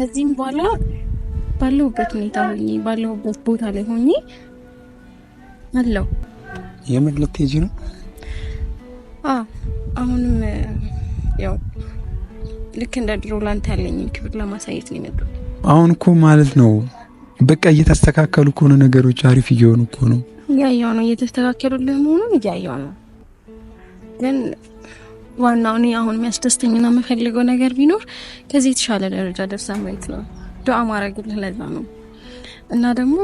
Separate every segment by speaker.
Speaker 1: ከዚህም በኋላ ባለሁበት ሁኔታ ሆኜ ባለሁበት ቦታ ላይ ሆኜ አለው
Speaker 2: የምን ልትሄጂ ነው?
Speaker 1: አሁንም ያው ልክ እንደ ድሮ ላንተ ያለኝን ክብር ለማሳየት ነው የመጡት።
Speaker 2: አሁን እኮ ማለት ነው በቃ እየተስተካከሉ ከሆነ ነገሮች አሪፍ እየሆኑ እኮ ነው።
Speaker 1: እያየሁ ነው፣ እየተስተካከሉልህ መሆኑን እያየሁ ነው ግን ዋናው እኔ አሁን የሚያስደስተኝና የምፈልገው ነገር ቢኖር ከዚህ የተሻለ ደረጃ ደርሳ ማየት ነው። ዱዓ ማድረግልህ ለዛ ነው እና ደግሞ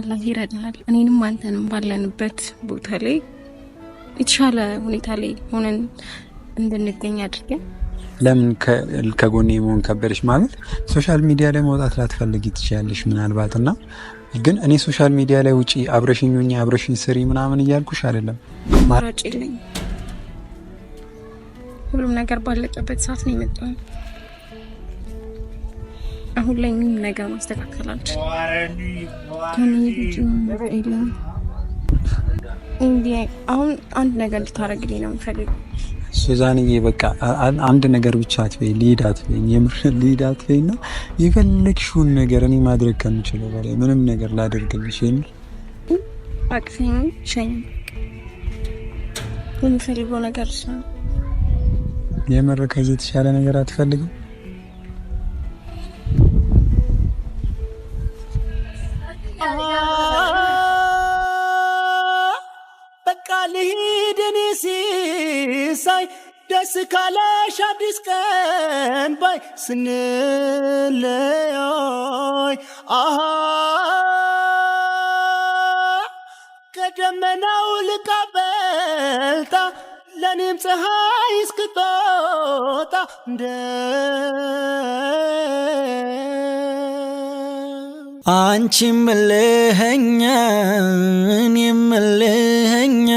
Speaker 1: አላህ ይረዳል። እኔንም አንተንም ባለንበት ቦታ ላይ የተሻለ ሁኔታ ላይ ሆነን እንድንገኝ አድርገን
Speaker 2: ለምን ከጎኔ መሆን ከበደች ማለት ሶሻል ሚዲያ ላይ መውጣት ላትፈልጊ ትችያለሽ ምናልባት እና ግን እኔ ሶሻል ሚዲያ ላይ ውጪ አብረሽኝ ሆኜ አብረሽኝ ስሪ ምናምን እያልኩሽ አይደለም።
Speaker 1: ማራጭ የለኝም ሁሉም ነገር ባለቀበት ሰዓት ነው የመጣው። አሁን ላይ ምንም ነገር ማስተካከል አልችልም። አሁን አንድ ነገር ልታደርግልኝ ነው የምፈልገው
Speaker 2: ሱዛንዬ በቃ አንድ ነገር ብቻ አትበይ፣ ልሂድ አትበይኝ፣ የምር ልሂድ አትበይ እና የፈለግሽውን ነገር እኔ ማድረግ ከምችለው በላይ ምንም ነገር ላደርግልሽ የምር
Speaker 1: አቅፌኝ ሸኝ የምፈልገው ነገር
Speaker 2: የምር ከዚህ የተሻለ ነገር አትፈልግም? በቃ ልሂድ እኔ ሲሳይ ደስ ካለሽ አዲስ ቀን ባይ ስንለያይ አሃ ከደመናው ልቃ በልታ ለእኔም ፀሐይ ስወጣ እንደ አንቺ ምልኸኛ እኔ ምልኸኛ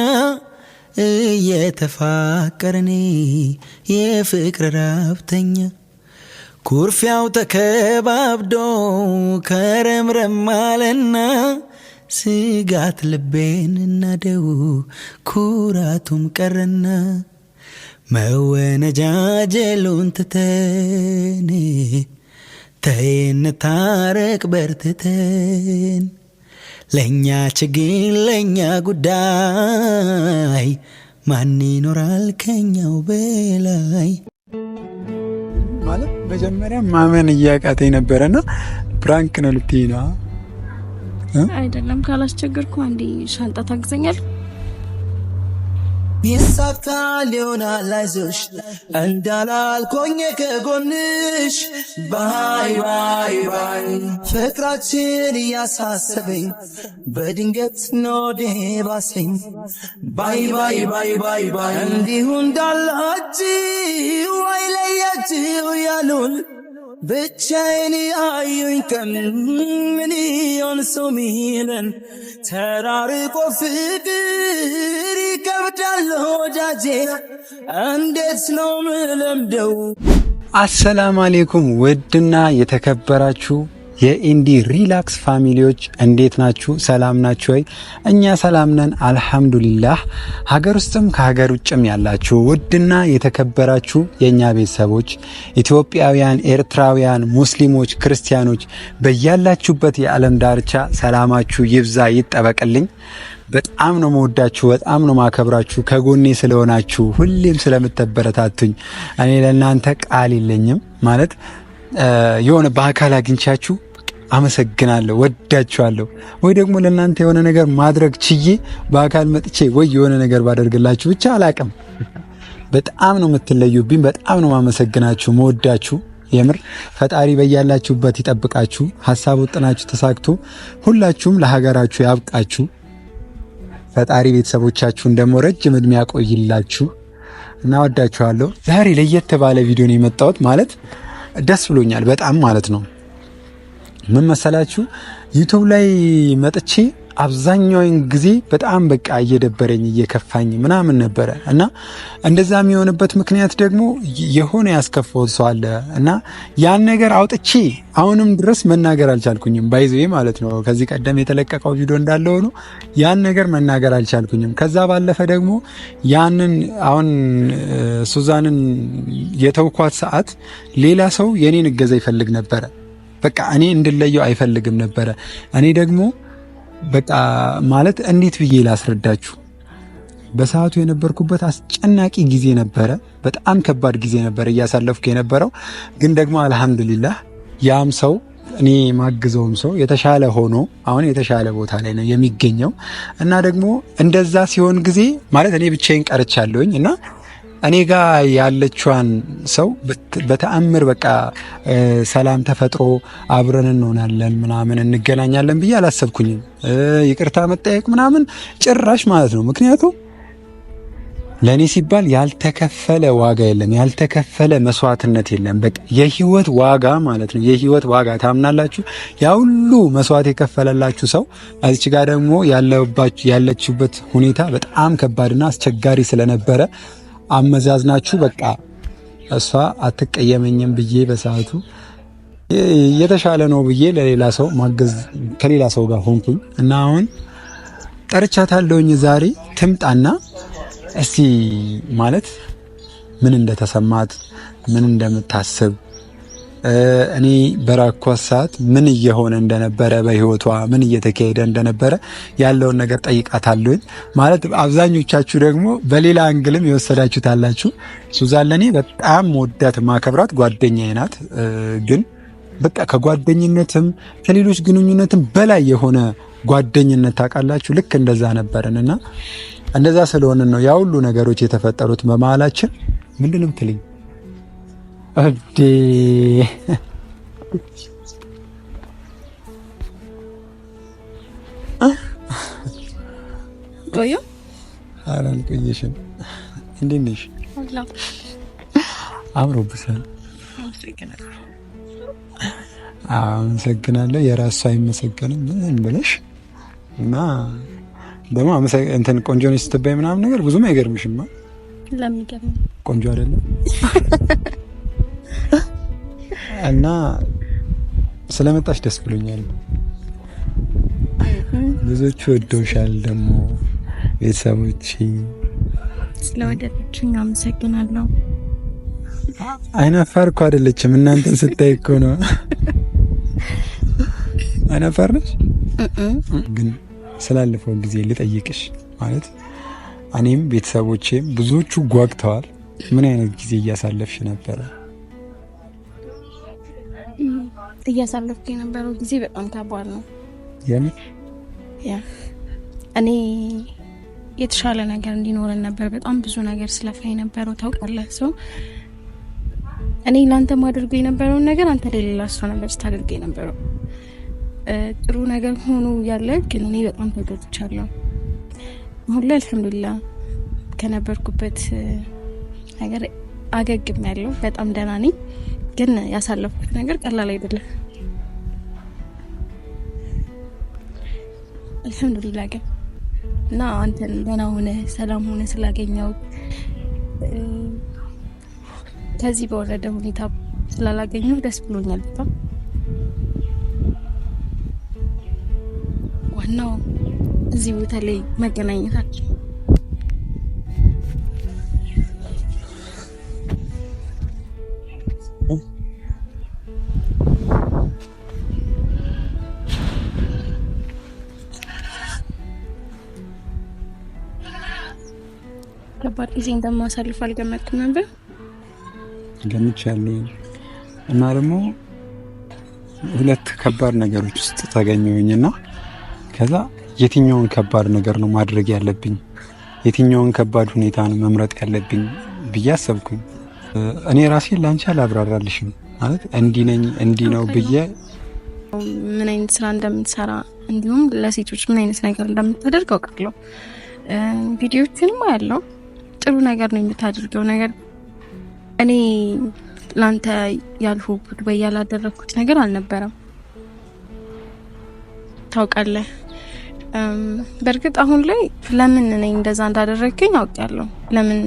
Speaker 2: የፍቅር ራብተኛ ኩርፊያው ተከባብዶ ከረምረማለና ስጋት ልቤን እናደው ኩራቱም ቀረና መወነጃጀሉን ትተን ተይን ታረቅ በርትተን ለእኛ ችግኝ ለእኛ ጉዳይ ማን ይኖራል ከኛው በላይ ማለት መጀመሪያ ማመን እያቃተኝ ነበረና ፕራንክ ነው ልትይ ነው
Speaker 1: አይደለም ካላስቸገርኩ አንዴ ሻንጣ ታግዘኛል ቢሳካ ሊሆናል አይዞሽ እንዳላልኮኝ ከጎንሽ ባይ ባይ ባይ ፍቅራችን እያሳሰበኝ በድንገት ኖዴ ባሰኝ ባይ ባይ ባይ ባይ ባይ እንዲሁ
Speaker 2: እንዳላችሁ ወይ ለያችሁ ያሉን ብቻዬን አዩኝ ከምን ይሆን ሰው ሚለን ተራርቆ ፍቅር ይከብዳል ወዳጄ እንዴት ነው ምለምደው? አሰላም አሌይኩም ውድና የተከበራችሁ የኢንዲ ሪላክስ ፋሚሊዎች እንዴት ናችሁ? ሰላም ናችሁ ወይ? እኛ ሰላም ነን አልሐምዱሊላህ። ሀገር ውስጥም ከሀገር ውጭም ያላችሁ ውድና የተከበራችሁ የእኛ ቤተሰቦች ኢትዮጵያውያን፣ ኤርትራውያን፣ ሙስሊሞች፣ ክርስቲያኖች በያላችሁበት የዓለም ዳርቻ ሰላማችሁ ይብዛ ይጠበቅልኝ። በጣም ነው መወዳችሁ፣ በጣም ነው ማከብራችሁ። ከጎኔ ስለሆናችሁ ሁሌም ስለምትበረታቱኝ እኔ ለእናንተ ቃል የለኝም ማለት የሆነ በአካል አግኝቻችሁ አመሰግናለሁ፣ ወዳችኋለሁ። ወይ ደግሞ ለእናንተ የሆነ ነገር ማድረግ ችዬ በአካል መጥቼ ወይ የሆነ ነገር ባደርግላችሁ ብቻ አላቅም። በጣም ነው የምትለዩብኝ። በጣም ነው ማመሰግናችሁ፣ መወዳችሁ የምር ፈጣሪ በያላችሁበት ይጠብቃችሁ። ሀሳብ ውጥናችሁ ተሳክቶ ሁላችሁም ለሀገራችሁ ያብቃችሁ። ፈጣሪ ቤተሰቦቻችሁን ደግሞ ረጅም እድሜ ያቆይላችሁ እና ወዳችኋለሁ። ዛሬ ለየት ባለ ቪዲዮ ነው የመጣሁት። ማለት ደስ ብሎኛል በጣም ማለት ነው። ምን መሰላችሁ ዩቱብ ላይ መጥቼ አብዛኛውን ጊዜ በጣም በቃ እየደበረኝ እየከፋኝ ምናምን ነበረ እና እንደዛ የሚሆንበት ምክንያት ደግሞ የሆነ ያስከፈው ሰው አለ እና ያን ነገር አውጥቼ አሁንም ድረስ መናገር አልቻልኩኝም። ባይዘይ ማለት ነው። ከዚህ ቀደም የተለቀቀው ቪዲዮ እንዳለ ሆኖ ያን ነገር መናገር አልቻልኩኝም። ከዛ ባለፈ ደግሞ ያንን አሁን ሱዛንን የተውኳት ሰዓት ሌላ ሰው የኔን እገዛ ይፈልግ ነበረ በቃ እኔ እንድለየው አይፈልግም ነበረ። እኔ ደግሞ በቃ ማለት እንዴት ብዬ ላስረዳችሁ፣ በሰዓቱ የነበርኩበት አስጨናቂ ጊዜ ነበረ። በጣም ከባድ ጊዜ ነበረ እያሳለፍኩ የነበረው። ግን ደግሞ አልሐምዱሊላህ ያም ሰው እኔ ማግዘውም ሰው የተሻለ ሆኖ አሁን የተሻለ ቦታ ላይ ነው የሚገኘው እና ደግሞ እንደዛ ሲሆን ጊዜ ማለት እኔ ብቻዬን ቀርቻለሁኝ እና እኔ ጋር ያለችዋን ሰው በተአምር በቃ ሰላም ተፈጥሮ አብረን እንሆናለን ምናምን እንገናኛለን ብዬ አላሰብኩኝም። ይቅርታ መጠየቅ ምናምን ጭራሽ ማለት ነው። ምክንያቱም ለእኔ ሲባል ያልተከፈለ ዋጋ የለም፣ ያልተከፈለ መስዋዕትነት የለም። በቃ የህይወት ዋጋ ማለት ነው። የህይወት ዋጋ ታምናላችሁ? ያ ሁሉ መስዋዕት የከፈለላችሁ ሰው እዚች ጋር ደግሞ ያለችሁበት ሁኔታ በጣም ከባድና አስቸጋሪ ስለነበረ አመዛዝናችሁ በቃ እሷ አትቀየመኝም ብዬ በሰዓቱ የተሻለ ነው ብዬ ለሌላ ሰው ማገዝ ከሌላ ሰው ጋር ሆንኩኝ እና አሁን ጠርቻታለሁኝ። ዛሬ ትምጣና እስቲ ማለት ምን እንደተሰማት ምን እንደምታስብ እኔ በራኳት ሰዓት ምን እየሆነ እንደነበረ በህይወቷ ምን እየተካሄደ እንደነበረ ያለውን ነገር ጠይቃታለሁኝ። ማለት አብዛኞቻችሁ ደግሞ በሌላ አንግልም የወሰዳችሁት አላችሁ። ሱዛን ለእኔ በጣም ወዳት ማከብራት ጓደኛዬ ናት። ግን በቃ ከጓደኝነትም ከሌሎች ግንኙነትም በላይ የሆነ ጓደኝነት ታውቃላችሁ። ልክ እንደዛ ነበርን እና እንደዛ ስለሆንን ነው ያ ሁሉ ነገሮች የተፈጠሩት በመሀላችን ምንድንም ትልኝ እዴ ቆዩ አራን ቆየሽን እንዴት ነሽ? አምሮብሻል። አመሰግናለሁ። የራሱ አይመሰገንም ምን ብለሽ እና ደግሞ እንትን ቆንጆ ነሽ ስትባይ ምናምን ነገር ብዙም አይገርምሽማ። ለሚገርም ቆንጆ አይደለም እና ስለመጣሽ ደስ ብሎኛል። ብዙዎች ወደውሻል። ደግሞ ቤተሰቦች
Speaker 1: ስለወደደችኝ አመሰግናለሁ።
Speaker 2: አይናፋር እኮ አይደለችም። እናንተን ስታይ እኮ ነው። አይናፋር ነች። ግን ስላለፈው ጊዜ ልጠይቅሽ ማለት እኔም ቤተሰቦቼም ብዙዎቹ ጓግተዋል። ምን አይነት ጊዜ እያሳለፍሽ ነበረ?
Speaker 1: እያሳለፍኩ የነበረው ጊዜ በጣም ከባድ ነው። የምር ያ እኔ የተሻለ ነገር እንዲኖረን ነበር። በጣም ብዙ ነገር ስለፋ የነበረው ታውቃለህ። ሰው እኔ ለአንተ ማድርጎ የነበረውን ነገር አንተ ለሌላ ሰው ነበር ስታደርገ የነበረው። ጥሩ ነገር ሆኖ ያለ ግን እኔ በጣም ተጎድቻለሁ። አሁን ላይ አልሐምዱላ ከነበርኩበት ነገር አገግም ያለው በጣም ደህና ነኝ። ግን ያሳለፍኩት ነገር ቀላል አይደለም። አልሐምዱሊላ ግን እና አንተን ደህና ሆነ ሰላም ሆነ ስላገኘው ከዚህ በወረደ ሁኔታ ስላላገኘሁ ደስ ብሎኛል በጣም ዋናው እዚህ ቦታ ላይ መገናኘታችን ከባድ ጊዜ እንደማሳልፍ አልገመትኩም ነበር።
Speaker 2: ገምቻለሁ እና ደግሞ ሁለት ከባድ ነገሮች ውስጥ ተገኘሁኝ እና ከዛ የትኛውን ከባድ ነገር ነው ማድረግ ያለብኝ፣ የትኛውን ከባድ ሁኔታ ነው መምረጥ ያለብኝ ብዬ አሰብኩኝ። እኔ ራሴ ላንቺ አላብራራልሽም ማለት እንዲህ ነኝ እንዲህ ነው ብዬ
Speaker 1: ምን አይነት ስራ እንደምትሰራ እንዲሁም ለሴቶች ምን አይነት ነገር እንደምታደርግ አውቃለሁ። ቪዲዮችንም አያለው ጥሩ ነገር ነው የምታደርገው ነገር እኔ ላንተ ያልሆኩት ወይ ያላደረግኩት ነገር አልነበረም። ታውቃለህ፣ በእርግጥ አሁን ላይ ለምን እኔ እንደዛ እንዳደረግኝ አውቄያለሁ። ለምን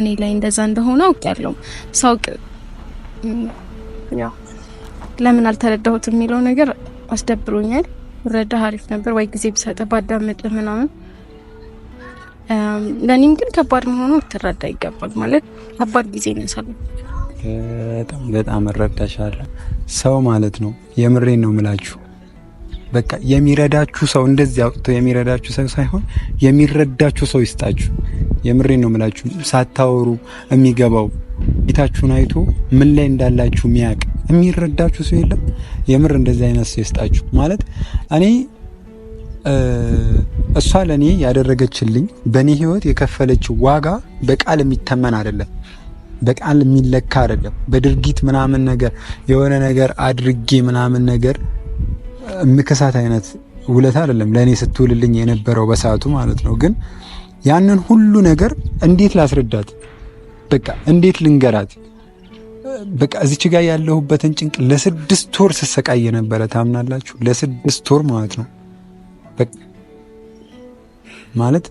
Speaker 1: እኔ ላይ እንደዛ እንደሆነ አውቄያለሁ። ሳውቅ ለምን አልተረዳሁት የሚለው ነገር አስደብሮኛል። ረዳ አሪፍ ነበር ወይ ጊዜ ብሰጠ ባዳመጥ ምናምን ለእኔም ግን ከባድ መሆኑ ትረዳ ይገባል። ማለት ከባድ ጊዜ ነው
Speaker 2: በጣም በጣም እረዳሻለሁ። ሰው ማለት ነው የምሬን ነው ምላችሁ በቃ የሚረዳችሁ ሰው እንደዚህ አውጥቶ የሚረዳችሁ ሰው ሳይሆን የሚረዳችሁ ሰው ይስጣችሁ። የምሬን ነው ምላችሁ ሳታወሩ የሚገባው ጌታችሁን አይቶ ምን ላይ እንዳላችሁ የሚያውቅ የሚረዳችሁ ሰው የለም። የምር እንደዚህ አይነት ሰው ይስጣችሁ ማለት እኔ እሷ ለእኔ ያደረገችልኝ በእኔ ህይወት የከፈለችው ዋጋ በቃል የሚተመን አይደለም፣ በቃል የሚለካ አይደለም። በድርጊት ምናምን ነገር የሆነ ነገር አድርጌ ምናምን ነገር የምከሳት አይነት ውለታ አይደለም ለእኔ ስትውልልኝ የነበረው በሰዓቱ ማለት ነው። ግን ያንን ሁሉ ነገር እንዴት ላስረዳት? በቃ እንዴት ልንገራት? በቃ እዚች ጋር ያለሁበትን ጭንቅ ለስድስት ወር ስሰቃይ የነበረ ታምናላችሁ? ለስድስት ወር ማለት ነው በቃ ማለት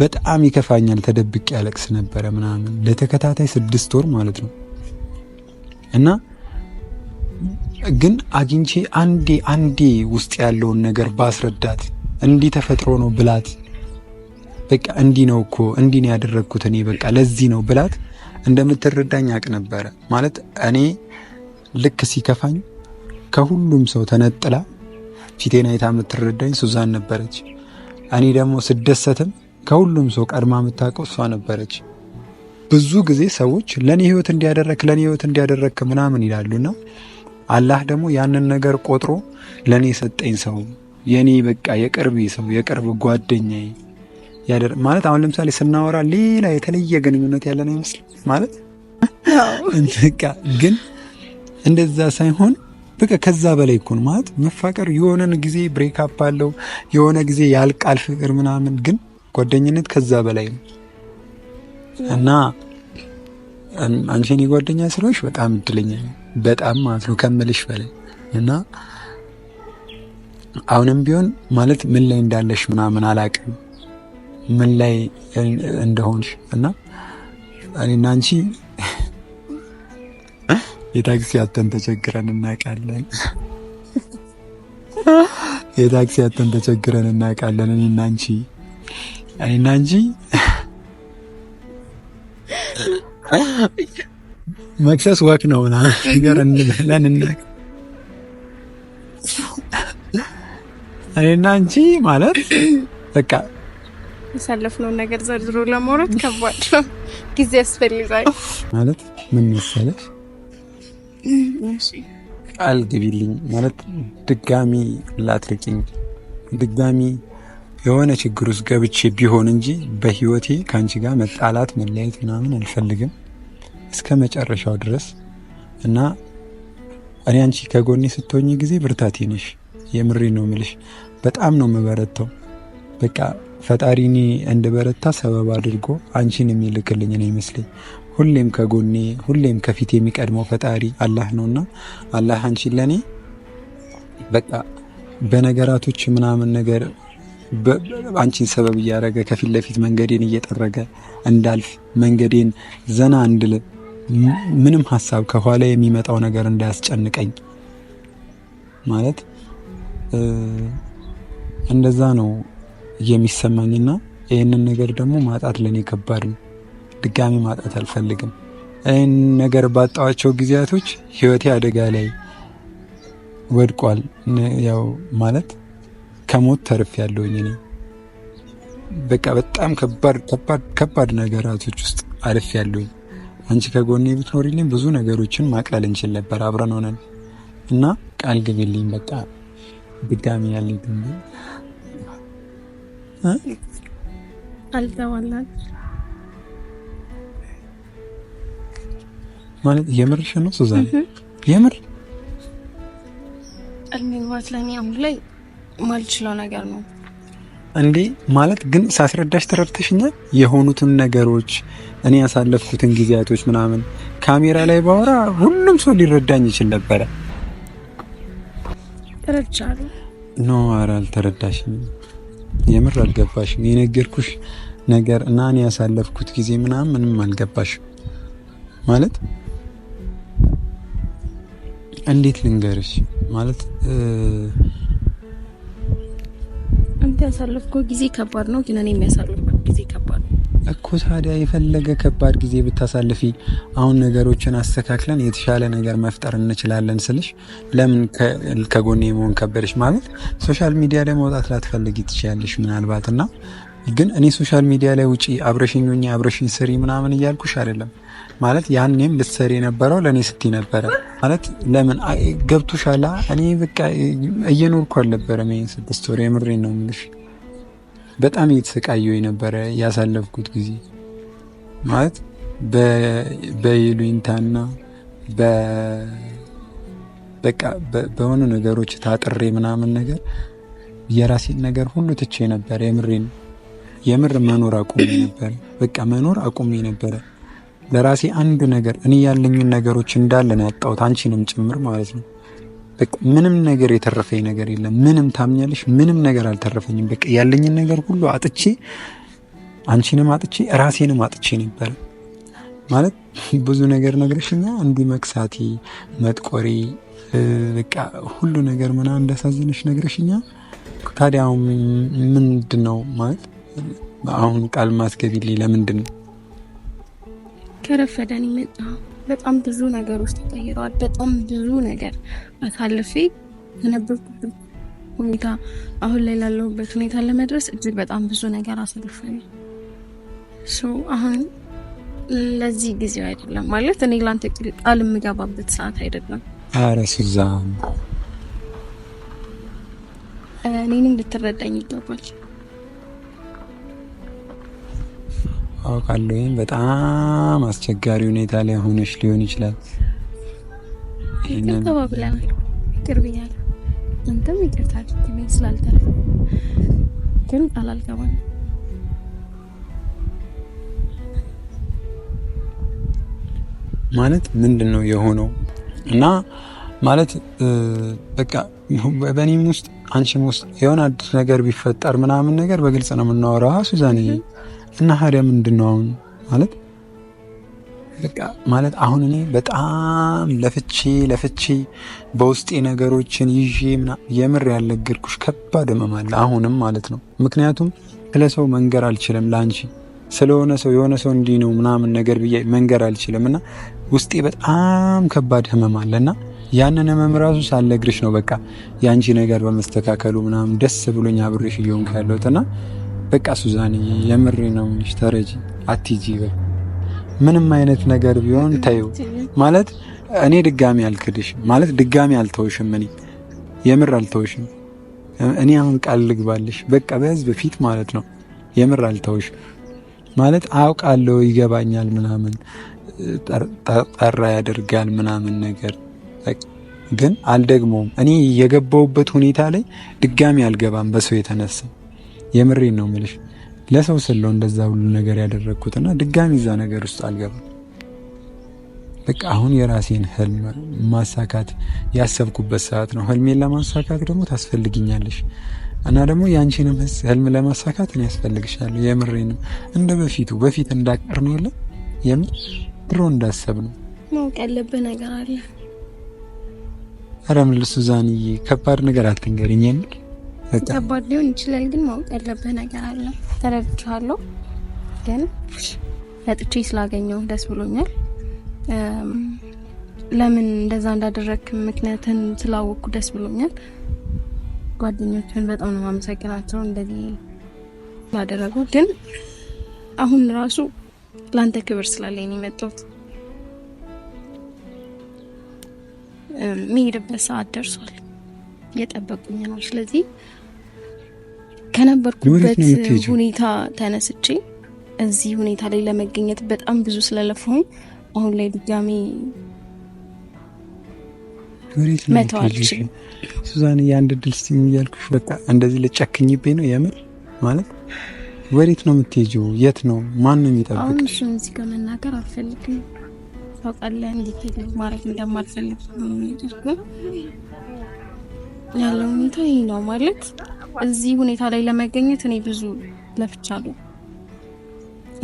Speaker 2: በጣም ይከፋኛል፣ ተደብቄ ያለቅስ ነበረ ምናምን ለተከታታይ ስድስት ወር ማለት ነው እና ግን አግኝቼ አንዴ አንዴ ውስጥ ያለውን ነገር ባስረዳት እንዲህ ተፈጥሮ ነው ብላት፣ በቃ እንዲህ ነው እኮ እንዲህ ነው ያደረግኩት እኔ በቃ ለዚህ ነው ብላት እንደምትረዳኝ አቅ ነበረ ማለት እኔ ልክ ሲከፋኝ ከሁሉም ሰው ተነጥላ ፊቴን አይታ የምትረዳኝ ሱዛን ነበረች። እኔ ደግሞ ስደሰትም ከሁሉም ሰው ቀድማ የምታውቀው እሷ ነበረች። ብዙ ጊዜ ሰዎች ለእኔ ህይወት እንዲያደረክ ለእኔ ህይወት እንዲያደረክ ምናምን ይላሉና አላህ ደግሞ ያንን ነገር ቆጥሮ ለእኔ የሰጠኝ ሰው የእኔ በቃ የቅርብ ሰው የቅርብ ጓደኛ ያደር ማለት አሁን ለምሳሌ ስናወራ ሌላ የተለየ ግንኙነት ያለን አይመስልም ማለት ግን እንደዛ ሳይሆን በቃ ከዛ በላይ እኮ ነው ማለት መፋቀር። የሆነን ጊዜ ብሬክአፕ አለው፣ የሆነ ጊዜ ያልቃል ፍቅር ምናምን፣ ግን ጓደኝነት ከዛ በላይ ነው እና አንቺን የጓደኛ ስራዎች በጣም እድለኛ በጣም ማለት ነው ከምልሽ በላይ እና አሁንም ቢሆን ማለት ምን ላይ እንዳለሽ ምናምን አላቅም ምን ላይ እንደሆንሽ እና እኔና አንቺ የታክሲ አተን ተቸግረን እናውቃለን። የታክሲ አተን ተቸግረን እናውቃለን። እኔና አንቺ እኔና አንቺ መክሰስ ወክ ነው ነገር እንበለን እናቅ እኔና አንቺ ማለት በቃ
Speaker 1: ያሳለፍነውን ነገር ዘርዝሮ ለማውራት ከባድ ነው፣ ጊዜ ያስፈልጋል።
Speaker 2: ማለት ምን መሰለሽ ቃል ግቢልኝ ማለት ድጋሚ ላትርቂኝ ድጋሚ የሆነ ችግር ውስጥ ገብቼ ቢሆን እንጂ በህይወቴ ከአንቺ ጋር መጣላት መለያየት ምናምን አልፈልግም እስከ መጨረሻው ድረስ እና እኔ አንቺ ከጎኔ ስትሆኝ ጊዜ ብርታቴ ነሽ። የምሬ ነው ምልሽ፣ በጣም ነው የምበረተው በቃ ፈጣሪኒ እንድበረታ ሰበብ አድርጎ አንቺን የሚልክልኝ ነው ይመስለኝ። ሁሌም ከጎኔ ሁሌም ከፊት የሚቀድመው ፈጣሪ አላህ ነውና አላህ አንቺን ለኔ በቃ በነገራቶች ምናምን ነገር አንቺን ሰበብ እያደረገ ከፊት ለፊት መንገዴን እየጠረገ እንዳልፍ መንገዴን ዘና እንድል ምንም ሀሳብ ከኋላ የሚመጣው ነገር እንዳያስጨንቀኝ ማለት እንደዛ ነው የሚሰማኝና ይህንን ነገር ደግሞ ማጣት ለኔ ከባድ ነው። ድጋሚ ማጣት አልፈልግም። ይህን ነገር ባጣዋቸው ጊዜያቶች ህይወቴ አደጋ ላይ ወድቋል። ያው ማለት ከሞት ተርፍ ያለውኝ እኔ በቃ በጣም ከባድ ነገራቶች ውስጥ አልፍ ያለውኝ። አንቺ ከጎኔ ብትኖሪልኝ ብዙ ነገሮችን ማቅለል እንችል ነበር አብረን ሆነን እና ቃል ግቢልኝ በቃ ድጋሚ ያለኝ
Speaker 1: አልተዋላል
Speaker 2: ማለት የምርሽ ነው ሱዛን? የምር
Speaker 1: እልሚባት ለኔ አሁን ላይ ማልችለው ነገር ነው
Speaker 2: እንዴ ማለት ግን ሳስረዳሽ ተረድተሽኛል። የሆኑትን ነገሮች እኔ ያሳለፍኩትን ጊዜያቶች ምናምን ካሜራ ላይ ባወራ ሁሉም ሰው ሊረዳኝ ይችል ነበረ።
Speaker 1: ተረድቻለሁ።
Speaker 2: ኖ ኧረ አልተረዳሽም። የምር አልገባሽም። የነገርኩሽ ነገር እና እኔ ያሳለፍኩት ጊዜ ምናምን ምንም አልገባሽም ማለት እንዴት ልንገርሽ ማለት
Speaker 1: አንተ ያሳለፍከው ጊዜ ከባድ ነው፣ ግን እኔ የሚያሳልፍኩት ጊዜ ከባድ ነው
Speaker 2: እኮ። ታዲያ የፈለገ ከባድ ጊዜ ብታሳልፊ አሁን ነገሮችን አስተካክለን የተሻለ ነገር መፍጠር እንችላለን ስልሽ ለምን ከጎኔ መሆን ከበደሽ? ማለት ሶሻል ሚዲያ ላይ መውጣት ላትፈልጊ ትችያለሽ ምናልባት እና ግን እኔ ሶሻል ሚዲያ ላይ ውጪ አብረሽኞኝ አብረሽኝ ስሪ ምናምን እያልኩሽ አይደለም። ማለት ያኔም ልትሰሪ የነበረው ለእኔ ስቲ ነበረ ማለት ለምን ገብቶሻላ? እኔ በቃ እየኖርኩ አልነበረም ይህን ስድስት ወር የምሬ ነው የምልሽ። በጣም እየተሰቃየሁ የነበረ ያሳለፍኩት ጊዜ ማለት በይሉኝታና በቃ በሆኑ ነገሮች ታጥሬ ምናምን ነገር የራሴን ነገር ሁሉ ትቼ ነበር። የምሬ ነው የምር መኖር አቁሜ ነበረ። በቃ መኖር አቁሜ ነበረ። ለራሴ አንድ ነገር እኔ ያለኝን ነገሮች እንዳለ ነው ያጣሁት፣ አንቺንም ጭምር ማለት ነው። በቃ ምንም ነገር የተረፈኝ ነገር የለም። ምንም ታምኛለሽ፣ ምንም ነገር አልተረፈኝም። በቃ ያለኝን ነገር ሁሉ አጥቼ አንቺንም አጥቼ ራሴንም አጥቼ ነበረ ማለት ብዙ ነገር ነግረሽኛ፣ እንዲህ መክሳቴ፣ መጥቆሬ፣ በቃ ሁሉ ነገር ምናምን እንዳሳዘነሽ ነግረሽኛ። ታዲያ ምንድን ነው ማለት አሁን ቃል ማስገቢልኝ ለምንድን ነው?
Speaker 1: ከረፈደን ይመጣ በጣም ብዙ ነገር ውስጥ ተቀይረዋል። በጣም ብዙ ነገር አሳልፌ የነበርኩት ሁኔታ አሁን ላይ ላለሁበት ሁኔታ ለመድረስ እጅግ በጣም ብዙ ነገር አሳልፈናል። አሁን ለዚህ ጊዜው አይደለም ማለት እኔ ላንተ ቃል የምገባበት ሰዓት አይደለም።
Speaker 2: አረ ሱዛን
Speaker 1: እኔን እንድትረዳኝ ይገባል።
Speaker 2: አውቃለሁ። ወይም በጣም አስቸጋሪ ሁኔታ ላይ ሆነሽ ሊሆን ይችላል።
Speaker 1: ይቅርታ አንተም ይቅርታ ግን
Speaker 2: ማለት ምንድን ነው የሆነው? እና ማለት በቃ በእኔም ውስጥ አንቺም ውስጥ የሆነ አዲስ ነገር ቢፈጠር ምናምን ነገር በግልጽ ነው የምናወራው ሱዛኔ እና ሀዲያ ምንድን ነው አሁን ማለት ማለት አሁን እኔ በጣም ለፍቼ ለፍቼ በውስጤ ነገሮችን ይዤ ምና የምር ያልነገርኩሽ ከባድ ህመም አለ አሁንም ማለት ነው። ምክንያቱም ስለ ሰው መንገር አልችልም ለአንቺ ስለሆነ ሰው የሆነ ሰው እንዲህ ነው ምናምን ነገር ብዬ መንገር አልችልም እና ውስጤ በጣም ከባድ ህመም አለ እና ያንን ህመም ራሱ ሳልነግርሽ ነው በቃ የአንቺ ነገር በመስተካከሉ ምናምን ደስ ብሎኝ አብሬሽ እየሆንኩ ያለሁት እና በቃ ሱዛን የምሪ ነው የምልሽ፣ ተረጂ አትጂ። ምንም አይነት ነገር ቢሆን ተይው ማለት እኔ ድጋሚ አልክድሽ ማለት ድጋሚ አልተውሽም። እኔ የምር አልተውሽም። እኔ አሁን ቃል ልግባልሽ በቃ በህዝብ ፊት ማለት ነው የምር አልተውሽም። ማለት አውቃለሁ፣ ይገባኛል፣ ምናምን ጠራ ያደርጋል ምናምን ነገር ግን አልደግመውም። እኔ የገባውበት ሁኔታ ላይ ድጋሚ አልገባም በሰው የተነሳ የምሬን ነው ምልሽ ለሰው ስለው እንደዛ ሁሉ ነገር ያደረግኩትና ድጋሚ እዛ ነገር ውስጥ አልገባም። በቃ አሁን የራሴን ህልም ማሳካት ያሰብኩበት ሰዓት ነው። ህልሜን ለማሳካት ደግሞ ታስፈልግኛለሽ እና ደግሞ ያንቺንም ህልም ለማሳካት እኔ ያስፈልግሻለሁ። የምሬንም እንደ በፊቱ በፊት እንዳቀር ነው የለም የምር ድሮ እንዳሰብ ነው
Speaker 1: ማወቅ ያለብህ ነገር አለ።
Speaker 2: ኧረ ምን ዛንዬ ከባድ ነገር አትንገሪኝ የምር
Speaker 1: ከባድ ሊሆን ይችላል፣ ግን ማወቅ ያለብህ ነገር አለ። ተረድቻለሁ፣ ግን ለጥቼ ስላገኘው ደስ ብሎኛል። ለምን እንደዛ እንዳደረግክ ምክንያትን ስላወቅኩ ደስ ብሎኛል። ጓደኞችን በጣም ነው ማመሰግናቸው እንደዚህ ላደረጉ። ግን አሁን ራሱ ለአንተ ክብር ስላለኝ ነው የመጣሁት። የሚሄድበት ሰዓት ደርሷል። እየጠበቁኝ ነው። ስለዚህ ከነበርኩበት ሁኔታ ተነስቼ እዚህ ሁኔታ ላይ ለመገኘት በጣም ብዙ ስለለፋሁኝ አሁን ላይ ድጋሜ
Speaker 2: መተው ሱዛን የአንድ ድል ስቲም እያልኩሽ በቃ እንደዚህ ልጨክኝብኝ ነው የምር ማለት ወዴት ነው የምትሄጂው? የት ነው ማን ነው የሚጠብቅሽ?
Speaker 1: አሁን እሱን እዚህ ጋር መናገር አልፈልግም። ታውቃለህ እንዴት ማድረግ እንደማልፈልግ ያለው ሁኔታ ይህ ነው ማለት እዚህ ሁኔታ ላይ ለመገኘት እኔ ብዙ ለፍቻለሁ።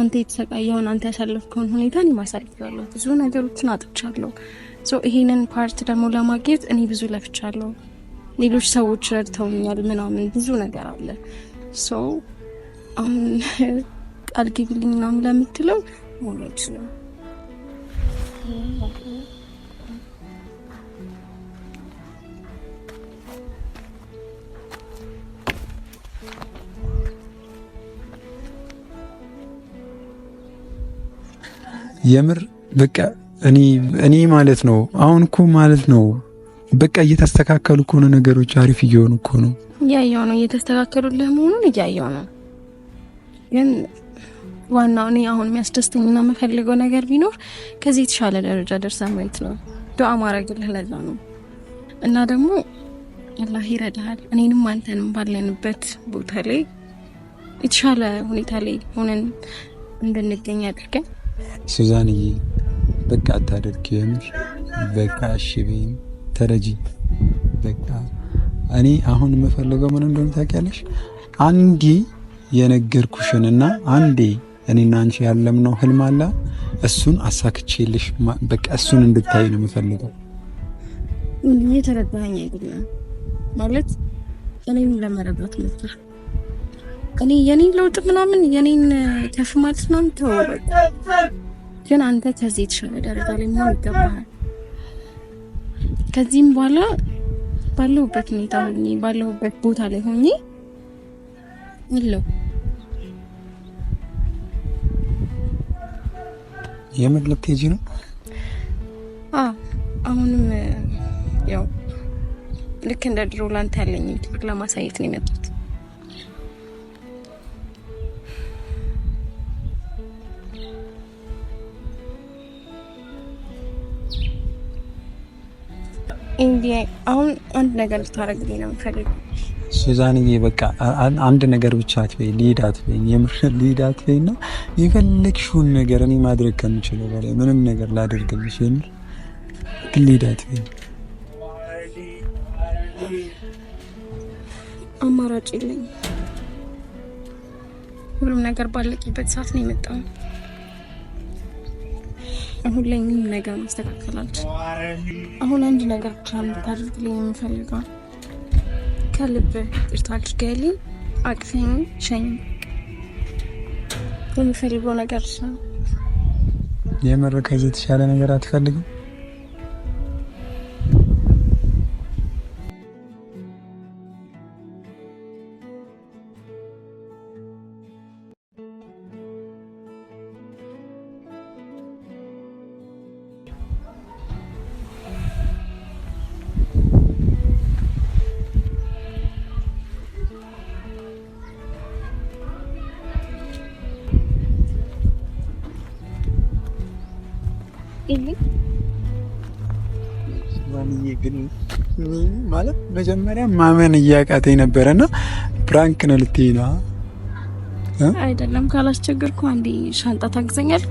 Speaker 1: አንተ የተሰቃየውን አንተ ያሳለፍከውን ሁኔታ እኔ ማሳልፍያለሁ። ብዙ ነገሮችን አጥቻለሁ። ይሄንን ፓርት ደግሞ ለማግኘት እኔ ብዙ ለፍቻለሁ። ሌሎች ሰዎች ረድተውኛል ምናምን ብዙ ነገር አለ። ሶ አሁን ቃል ግቢልኝ ምናምን ለምትለው ሞሎች ነው
Speaker 2: የምር በቃ እኔ እኔ ማለት ነው አሁን እኮ ማለት ነው በቃ እየተስተካከሉ እኮ ነው ነገሮች፣ አሪፍ እየሆኑ እኮ ነው።
Speaker 1: እያየው ነው እየተስተካከሉልህ መሆኑን እያየው ነው። ግን ዋናው እኔ አሁን የሚያስደስተኝና የምፈልገው ነገር ቢኖር ከዚህ የተሻለ ደረጃ ደርሰህ ማየት ነው። ዱዓ ማድረግልህ ለዛ ነው። እና ደግሞ አላህ ይረዳሃል። እኔንም አንተንም ባለንበት ቦታ ላይ የተሻለ ሁኔታ ላይ ሆነን እንድንገኝ አድርገን
Speaker 2: ሱዛንዬ በቃ አታደርጊ፣ የምር በቃ እሺ በይኝ፣ ተረጂ በቃ እኔ አሁን የምፈልገው ምን እንደሆነ ታውቂያለሽ? አንዴ የነገርኩሽንና አንዴ እኔና አንቺ ያለምነው ህልም አለ እሱን አሳክቼልሽ በቃ እሱን እንድታይ ነው የምፈልገው።
Speaker 1: የተረዳኸኝ አይደለም ማለት እኔም ለመረዳት መጣ እኔ የኔን ለውጥ ምናምን የኔን ተሽማት ምናምን ተወበቅ፣ ግን አንተ ከዚህ የተሻለ ደረጃ ላይ መሆን ይገባሃል። ከዚህም በኋላ ባለሁበት ሁኔታ ሆኜ ባለሁበት ቦታ ላይ ሆኜ ይለው
Speaker 2: የምን ልትሄጂ ነው?
Speaker 1: አሁንም ያው ልክ እንደ ድሮ ላንተ ያለኝ ለማሳየት ነው የመጣው አሁን አንድ ነገር ልታረግልኝ ነው የምፈልገው።
Speaker 2: ሱዛንዬ በቃ አንድ ነገር ብቻ አትበይ፣ ልሂድ አትበይ፣ የምር ልሂድ አትበይ እና የፈለግሽውን ነገር እኔ ማድረግ ከምችለው በላይ ምንም ነገር ላደርግልሽ፣ የምር ግን ልሂድ አትበይ።
Speaker 1: አማራጭ የለኝም። ሁሉም ነገር ባለቂበት ሰዓት ነው የመጣው። አሁን ላይ ምን ነገር ማስተካከል አልችልም። አሁን አንድ ነገር ብቻ እንድታደርግልኝ የምፈልገው ከልብ ይቅርታ አድርገልኝ፣ አቅፈኝ፣ ሸኝ የምፈልገው ነገር ነው።
Speaker 2: የምር ከዚህ የተሻለ ነገር አትፈልግም? ማንዬ። ግን ማለት መጀመሪያ ማመን እያቃተኝ ነበረ። ና ፕራንክ ነው ልትይ ነው
Speaker 1: አይደለም? ካላስቸገርኩ አንዴ ሻንጣ ታግዘኛል